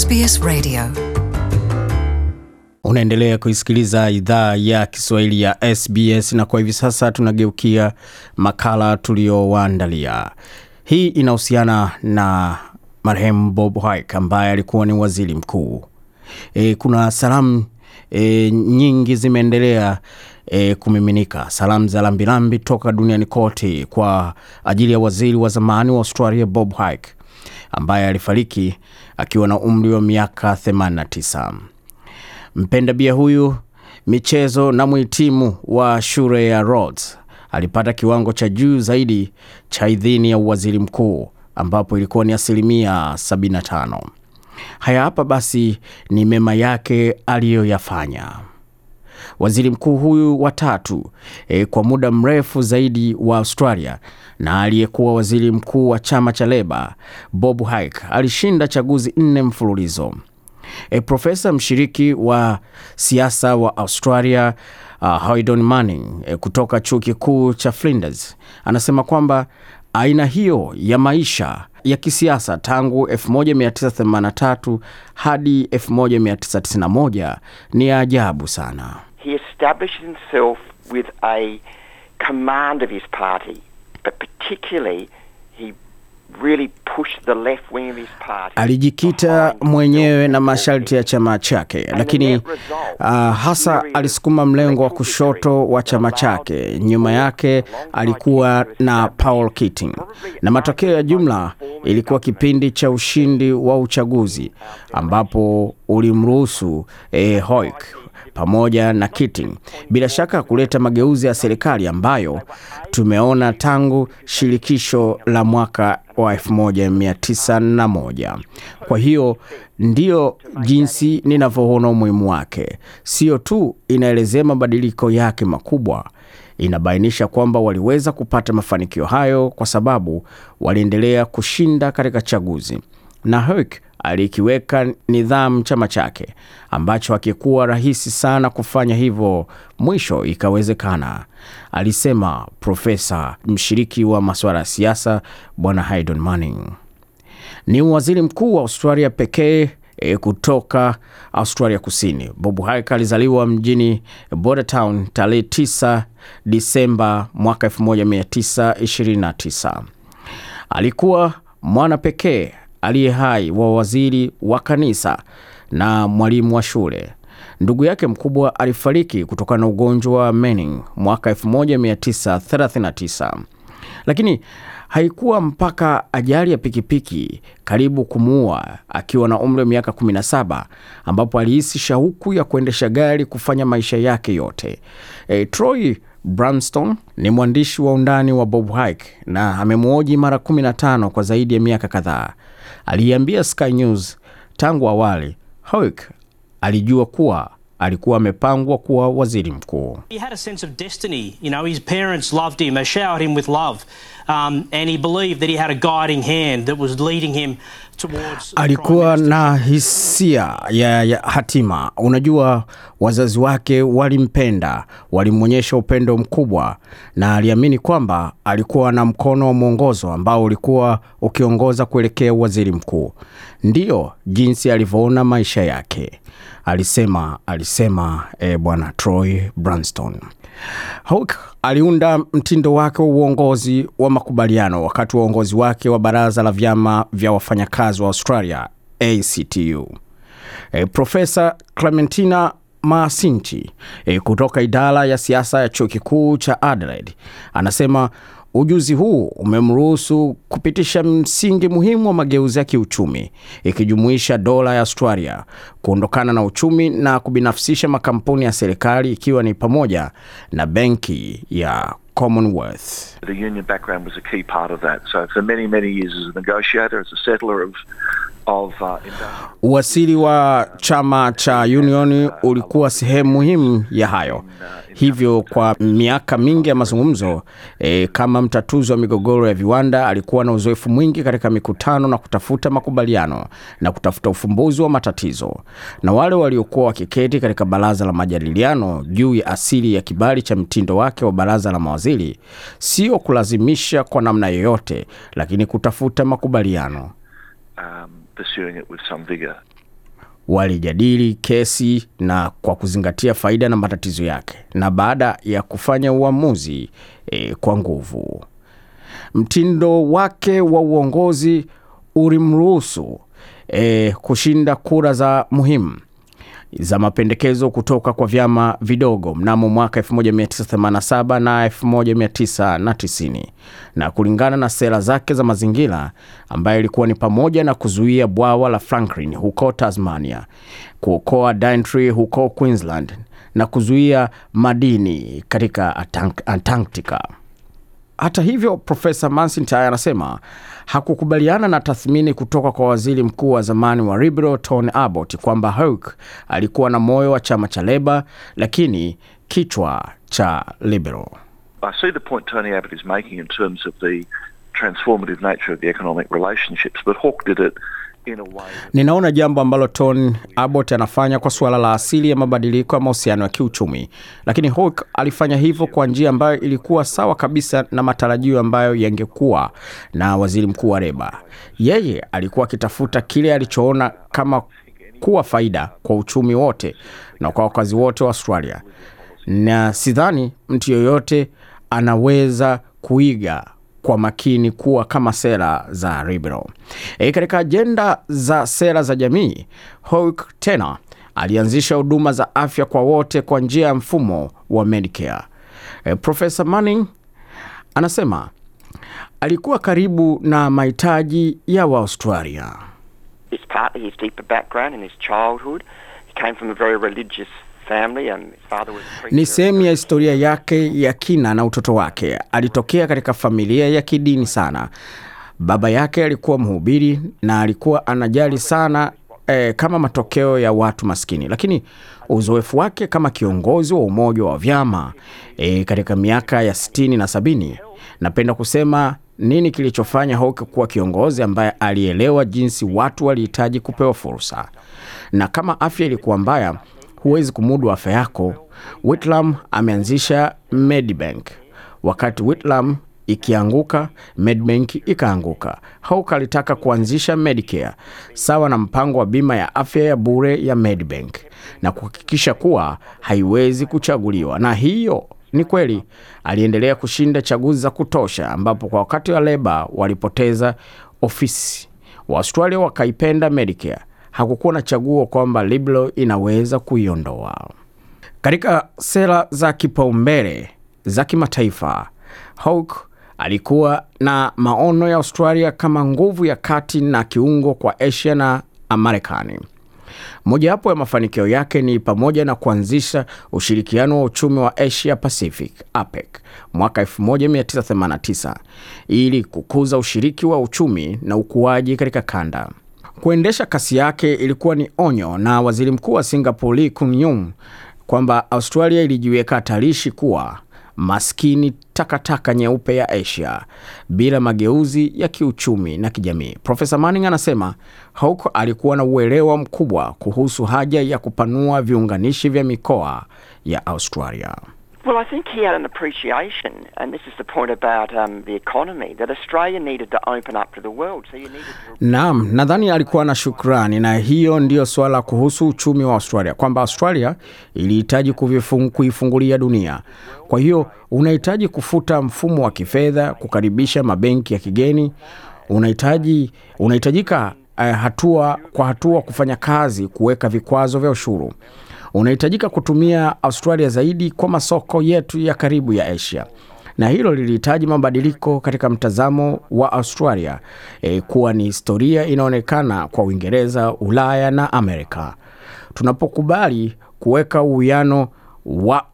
SBS Radio. Unaendelea kuisikiliza idhaa ya Kiswahili ya SBS na kwa hivi sasa tunageukia makala tuliyowaandalia. Hii inahusiana na marehemu Bob Hawke ambaye alikuwa ni waziri mkuu. E, kuna salamu e, nyingi zimeendelea E, kumiminika salamu za lambilambi toka duniani kote kwa ajili ya waziri wa zamani wa Australia Bob Hike ambaye alifariki akiwa na umri wa miaka 89. Mpenda bia huyu michezo na mhitimu wa shule ya Rhodes alipata kiwango cha juu zaidi cha idhini ya uwaziri mkuu ambapo ilikuwa ni asilimia 75. Haya hapa basi ni mema yake aliyoyafanya waziri mkuu huyu watatu e, eh, kwa muda mrefu zaidi wa Australia na aliyekuwa waziri mkuu wa chama cha Leba Bob Hike alishinda chaguzi nne mfululizo. E, profesa mshiriki wa siasa wa Australia uh, Haydon Manning e, kutoka chuo kikuu cha Flinders anasema kwamba aina hiyo ya maisha ya kisiasa tangu 1983 hadi 1991 ni ya ajabu sana he established himself with a command of his party, but particularly he really pushed the left wing of his party. Alijikita mwenyewe na masharti ya chama chake, lakini uh, hasa alisukuma mlengo wa kushoto wa chama chake. Nyuma yake alikuwa na Paul Keating, na matokeo ya jumla ilikuwa kipindi cha ushindi wa uchaguzi ambapo ulimruhusu eh, Hoik pamoja na kiti, bila shaka kuleta mageuzi ya serikali ambayo tumeona tangu shirikisho la mwaka wa 1901. Kwa hiyo ndiyo jinsi ninavyoona umuhimu wake. Sio tu inaelezea mabadiliko yake makubwa, inabainisha kwamba waliweza kupata mafanikio hayo kwa sababu waliendelea kushinda katika chaguzi. Nahok alikiweka nidhamu chama chake ambacho hakikuwa rahisi sana kufanya hivyo, mwisho ikawezekana, alisema profesa mshiriki wa masuala ya siasa Bwana Haydon Manning. Ni waziri mkuu wa Australia pekee e, kutoka Australia Kusini. Bob Hawke alizaliwa mjini Bordertown tarehe 9 Disemba mwaka 1929. Alikuwa mwana pekee aliye hai wa waziri wa kanisa na mwalimu wa shule. Ndugu yake mkubwa alifariki kutokana na ugonjwa wa Manning mwaka 1939. Lakini haikuwa mpaka ajali ya pikipiki karibu kumuua akiwa na umri wa miaka 17 ambapo alihisi shauku ya kuendesha gari kufanya maisha yake yote. E, Troy Bramston ni mwandishi wa undani wa Bob Hike na amemwoji mara 15 kwa zaidi ya miaka kadhaa aliiambia Sky News tangu awali Hawick alijua kuwa alikuwa amepangwa kuwa waziri mkuu. He had a sense of destiny, you know, his parents loved him, they showered him with love. Um, and he believed that he had a guiding hand that was leading him alikuwa na hisia ya, ya hatima. Unajua, wazazi wake walimpenda, walimwonyesha upendo mkubwa, na aliamini kwamba alikuwa na mkono wa mwongozo ambao ulikuwa ukiongoza kuelekea waziri mkuu. Ndiyo jinsi alivyoona maisha yake, alisema alisema e, Bwana Troy Branston. Hawke aliunda mtindo wake wa uongozi wa makubaliano wakati wa uongozi wake wa baraza la vyama vya wafanyakazi wa Australia ACTU. E, Profesa Clementina Maasinchi e, kutoka idara ya siasa ya chuo kikuu cha Adelaide anasema Ujuzi huu umemruhusu kupitisha msingi muhimu wa mageuzi ya kiuchumi ikijumuisha dola ya Australia, kuondokana na uchumi na kubinafsisha makampuni ya serikali ikiwa ni pamoja na benki ya Commonwealth. The union background was a key part of that. So for many, many years as a negotiator, as a settler of Uwasili wa chama cha Union ulikuwa sehemu muhimu ya hayo. Hivyo kwa miaka mingi ya mazungumzo e, kama mtatuzi wa migogoro ya viwanda alikuwa na uzoefu mwingi katika mikutano na kutafuta makubaliano na kutafuta ufumbuzi wa matatizo. Na wale waliokuwa wakiketi katika baraza la majadiliano juu ya asili ya kibali cha mtindo wake wa baraza la mawaziri, sio kulazimisha kwa namna yoyote, lakini kutafuta makubaliano um pursuing it with some vigor. Walijadili kesi na kwa kuzingatia faida na matatizo yake, na baada ya kufanya uamuzi e, kwa nguvu. Mtindo wake wa uongozi ulimruhusu e, kushinda kura za muhimu za mapendekezo kutoka kwa vyama vidogo mnamo mwaka 1987 na 1990 na kulingana na sera zake za mazingira ambayo ilikuwa ni pamoja na kuzuia bwawa la Franklin huko Tasmania, kuokoa Daintree huko Queensland na kuzuia madini katika Antarctica. Hata hivyo, Profesa Mansintai anasema hakukubaliana na tathmini kutoka kwa waziri mkuu wa zamani wa Liberal Tony Abbott kwamba Hawke alikuwa na moyo wa chama cha Leba lakini kichwa cha Liberal. I see the point Tony Abbott is making in terms of the transformative nature of the economic relationships, but Hawke did it Ninaona jambo ambalo Tony Abbott anafanya kwa suala la asili ya mabadiliko ya mahusiano ya kiuchumi, lakini Hawke alifanya hivyo kwa njia ambayo ilikuwa sawa kabisa na matarajio ambayo yangekuwa na waziri mkuu wa reba Yeye alikuwa akitafuta kile alichoona kama kuwa faida kwa uchumi wote na kwa wakazi wote wa Australia, na sidhani mtu yoyote anaweza kuiga kwa makini kuwa kama sera za Liberal. E, katika ajenda za sera za jamii, Hawke tena alianzisha huduma za afya kwa wote kwa njia ya mfumo wa Medicare. E, Profesa Manning anasema alikuwa karibu na mahitaji ya Waaustralia. His deeper background in his childhood, he came from a very religious ni sehemu ya historia yake ya kina na utoto wake. Alitokea katika familia ya kidini sana. Baba yake alikuwa mhubiri na alikuwa anajali sana eh, kama matokeo ya watu maskini, lakini uzoefu wake kama kiongozi wa umoja wa vyama eh, katika miaka ya sitini na sabini, napenda kusema nini kilichofanya Hoke kuwa kiongozi ambaye alielewa jinsi watu walihitaji kupewa fursa, na kama afya ilikuwa mbaya huwezi kumudu afya yako, Whitlam ameanzisha Medibank. Wakati Whitlam ikianguka, Medibank ikaanguka. hauk alitaka kuanzisha Medicare sawa na mpango wa bima ya afya ya bure ya Medibank na kuhakikisha kuwa haiwezi kuchaguliwa, na hiyo ni kweli. Aliendelea kushinda chaguzi za kutosha, ambapo kwa wakati wa Leba walipoteza ofisi, Waaustralia wakaipenda Medicare hakukuwa na chaguo kwamba Liblo inaweza kuiondoa katika sera za kipaumbele za kimataifa. Hawke alikuwa na maono ya Australia kama nguvu ya kati na kiungo kwa Asia na Marekani. Mojawapo ya mafanikio yake ni pamoja na kuanzisha ushirikiano wa uchumi wa Asia Pacific APEC mwaka 1989 ili kukuza ushiriki wa uchumi na ukuaji katika kanda. Kuendesha kasi yake ilikuwa ni onyo na waziri mkuu wa Singapore Lee Kuan kwamba Australia ilijiweka hatarishi kuwa maskini takataka nyeupe ya Asia bila mageuzi ya kiuchumi na kijamii. Profesa Manning anasema hauk alikuwa na uelewa mkubwa kuhusu haja ya kupanua viunganishi vya mikoa ya Australia. Well, I think he had an appreciation, and this is the point about um, the economy, that Australia needed to open up to the world. So you needed to... Naam, nadhani alikuwa na shukrani, na hiyo ndiyo swala kuhusu uchumi wa Australia, kwamba Australia ilihitaji kuifungulia dunia. Kwa hiyo unahitaji kufuta mfumo wa kifedha, kukaribisha mabenki ya kigeni, unahitaji unahitajika uh, hatua kwa hatua kufanya kazi kuweka vikwazo vya ushuru unahitajika kutumia Australia zaidi kwa masoko yetu ya karibu ya Asia na hilo lilihitaji mabadiliko katika mtazamo wa Australia e, kuwa ni historia inaonekana kwa Uingereza, Ulaya na Amerika. Tunapokubali kuweka uwiano wa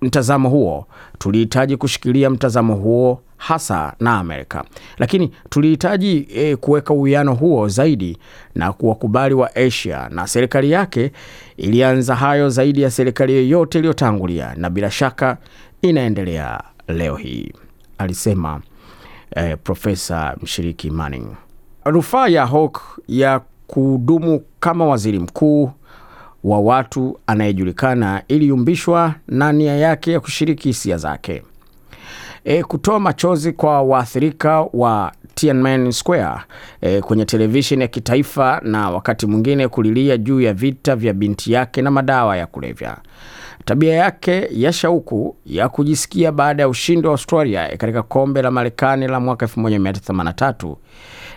mtazamo huo, tulihitaji kushikilia mtazamo huo hasa na Amerika, lakini tulihitaji e, kuweka uwiano huo zaidi na kuwakubali wa Asia, na serikali yake ilianza hayo zaidi ya serikali yoyote iliyotangulia, na bila shaka inaendelea leo hii, alisema e, Profesa mshiriki Manning. Rufaa ya Hawk ya kudumu kama waziri mkuu wa watu anayejulikana iliyumbishwa na nia yake ya kushiriki hisia zake e, kutoa machozi kwa waathirika wa Tiananmen Square e, kwenye televisheni ya kitaifa na wakati mwingine kulilia juu ya vita vya binti yake na madawa ya kulevya. Tabia yake ya shauku ya kujisikia baada ya ushindi wa Australia eh, katika kombe la Marekani la mwaka 1983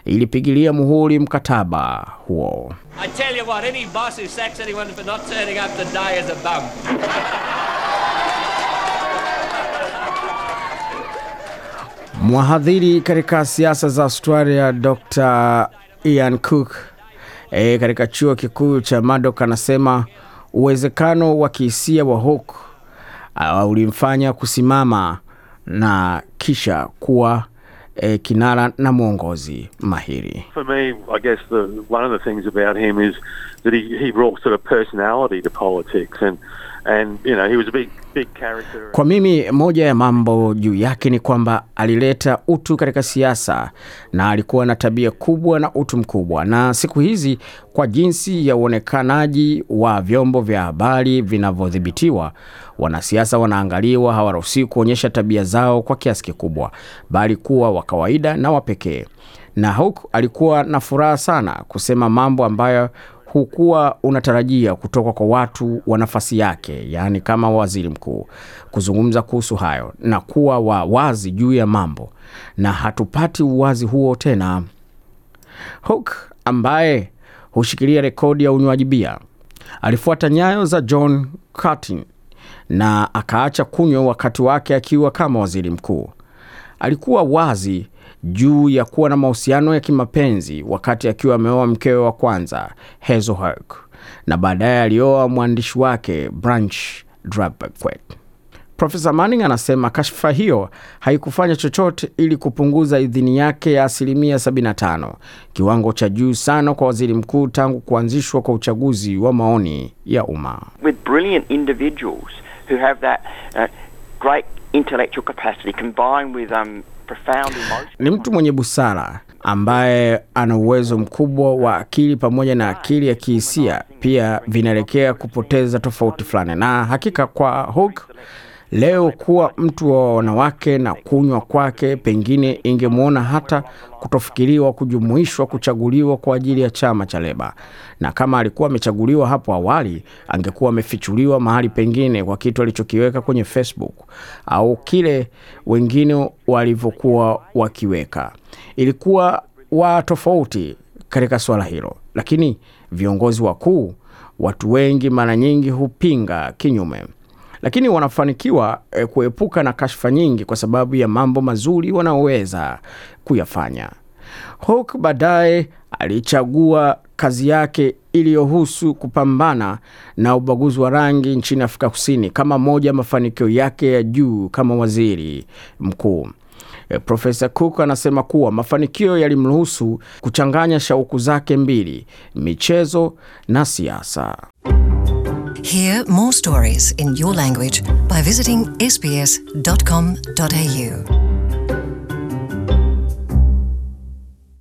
ilipigilia muhuri mkataba huo. I tell you what, any boss who sacks anyone for not turning up to is a bum. mwahadhiri katika siasa za Australia Dr Ian Cook e, katika chuo kikuu cha madok anasema uwezekano wa kihisia wa hok uh, ulimfanya kusimama na kisha kuwa e, kinara na mwongozi mahiri. me, he, he brought sort of personality to politics and, and, you know, he was a big kwa mimi moja ya mambo juu yake ni kwamba alileta utu katika siasa na alikuwa na tabia kubwa na utu mkubwa. Na siku hizi kwa jinsi ya uonekanaji wa vyombo vya habari vinavyodhibitiwa, wanasiasa wanaangaliwa, hawaruhusiwi kuonyesha tabia zao kwa kiasi kikubwa, bali kuwa wa kawaida na wa pekee. Na huku alikuwa na furaha sana kusema mambo ambayo hukuwa unatarajia kutoka kwa watu wa nafasi yake, yaani kama waziri mkuu, kuzungumza kuhusu hayo na kuwa wa wazi juu ya mambo, na hatupati uwazi huo tena. huk ambaye hushikilia rekodi ya unywaji bia alifuata nyayo za John Curtin na akaacha kunywa wakati wake akiwa kama waziri mkuu. Alikuwa wazi juu ya kuwa na mahusiano ya kimapenzi wakati akiwa ameoa mkewe wa kwanza Hazel Herc na baadaye alioa mwandishi wake Branch Drabacwet. Profesa Manning anasema kashfa hiyo haikufanya chochote ili kupunguza idhini yake ya asilimia 75, kiwango cha juu sana kwa waziri mkuu tangu kuanzishwa kwa uchaguzi wa maoni ya umma. Ni mtu mwenye busara ambaye ana uwezo mkubwa wa akili pamoja na akili ya kihisia pia vinaelekea kupoteza tofauti fulani, na hakika kwa Hogg Leo kuwa mtu wa wanawake na kunywa kwake pengine ingemwona hata kutofikiriwa kujumuishwa kuchaguliwa kwa ajili ya chama cha Leba, na kama alikuwa amechaguliwa hapo awali angekuwa amefichuliwa mahali pengine kwa kitu alichokiweka kwenye Facebook au kile wengine walivyokuwa wakiweka. Ilikuwa wa tofauti katika swala hilo, lakini viongozi wakuu, watu wengi mara nyingi hupinga kinyume lakini wanafanikiwa eh, kuepuka na kashfa nyingi kwa sababu ya mambo mazuri wanaoweza kuyafanya. hok baadaye alichagua kazi yake iliyohusu kupambana na ubaguzi wa rangi nchini Afrika Kusini kama moja ya mafanikio yake ya juu kama waziri mkuu. Eh, Profesa Cook anasema kuwa mafanikio yalimruhusu kuchanganya shauku zake mbili, michezo na siasa. Hear more stories in your language by visiting sbs.com.au.